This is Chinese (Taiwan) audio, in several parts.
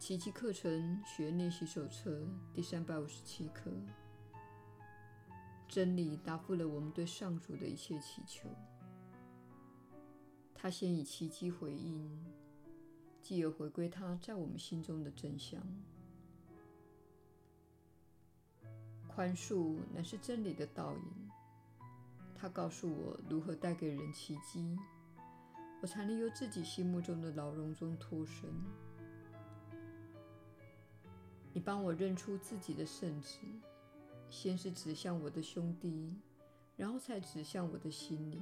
奇蹟課程學員練習手冊第三百五十七課：真理答復了我們對上主的一切祈求。他先以奇蹟回應，繼而回歸他在我們心中的真相。寬恕乃是真理的倒影。他告訴我如何帶給人奇蹟，我才能由自己心目中的牢籠中脫身。你幫我認出自己的聖旨，先是指向我的兄弟，然後才指向我的心裡。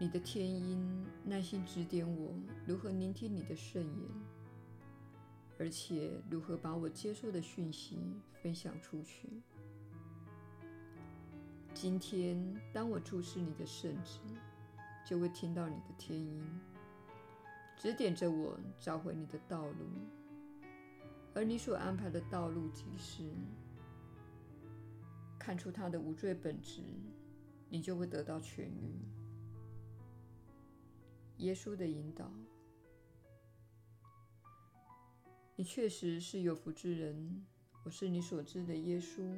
你的天音耐心指點我如何聆聽你的聖言，而且如何把我接受的訊息分享出去。今天，當我注視你的聖旨，就會聽到你的天音，指點着我找回你的道路。而你所安排的道路即，即是看出他的無罪本質，你就會得到痊癒。耶穌的引導，你確實是有福之人。我是你所知的耶穌。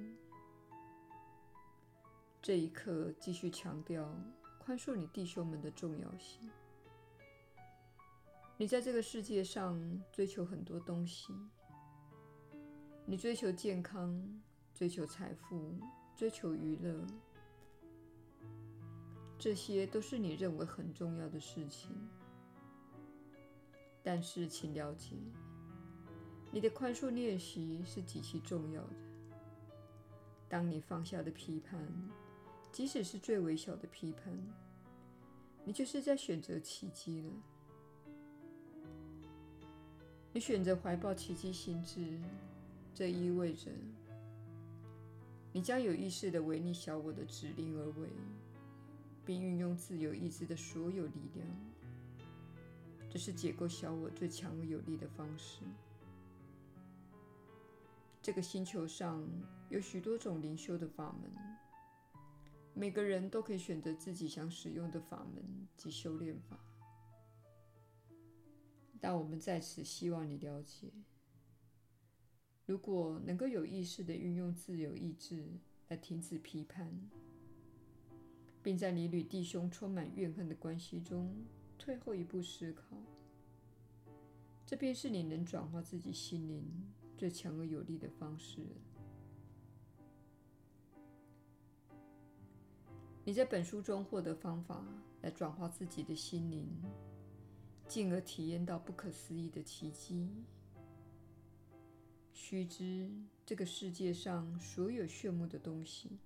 這一課，繼續強調寬恕你弟兄們的重要性。你在這個世界上追求很多東西。你追求健康，追求財富，追求娛樂，這些都是你認為很重要的事情。但是，請了解，你的寬恕練習是極其重要的。當你放下的批判，即使是最微小的批判，你就是在選擇奇蹟了。你選擇懷抱奇蹟心智。這意味着，你將有意識的違逆小我的指令而為，並運用自由意志的所有力量。這是解構小我最強有力的方式。這個星球上有許多種靈修的法門，每個人都可以選擇自己想使用的法門及修煉法。但我們在此希望你了解。如果能夠有意識地運用自由意志來停止批判，並在你與弟兄充滿怨恨的關係中退後一步思考，這便是你能轉化自己心靈最強而有力的方式。你在本書中獲得方法來轉化自己的心靈，進而體驗到不可思議的奇蹟。須知，這個世界上所有炫目的東西，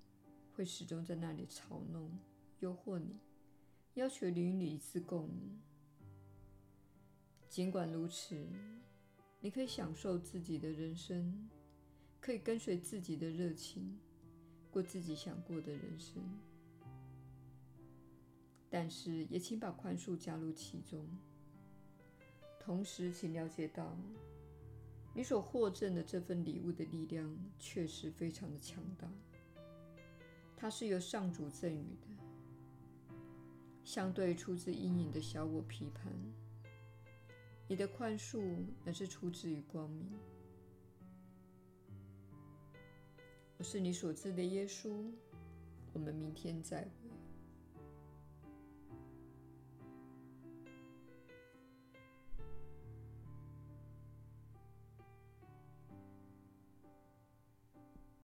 會始終在那裡嘲弄、誘惑你，要求與你一次共舞。儘管如此，你可以享受自己的人生，可以跟隨自己的熱情，過自己想過的人生。但是，也請把寬恕加入其中。同時，請了解到。你所獲贈的這份禮物的力量確實非常的強大，它是由上主贈予的，相對出自陰影的小我批判。你的寬恕乃是出自於光明。我是你所知的耶穌，我們明天再會。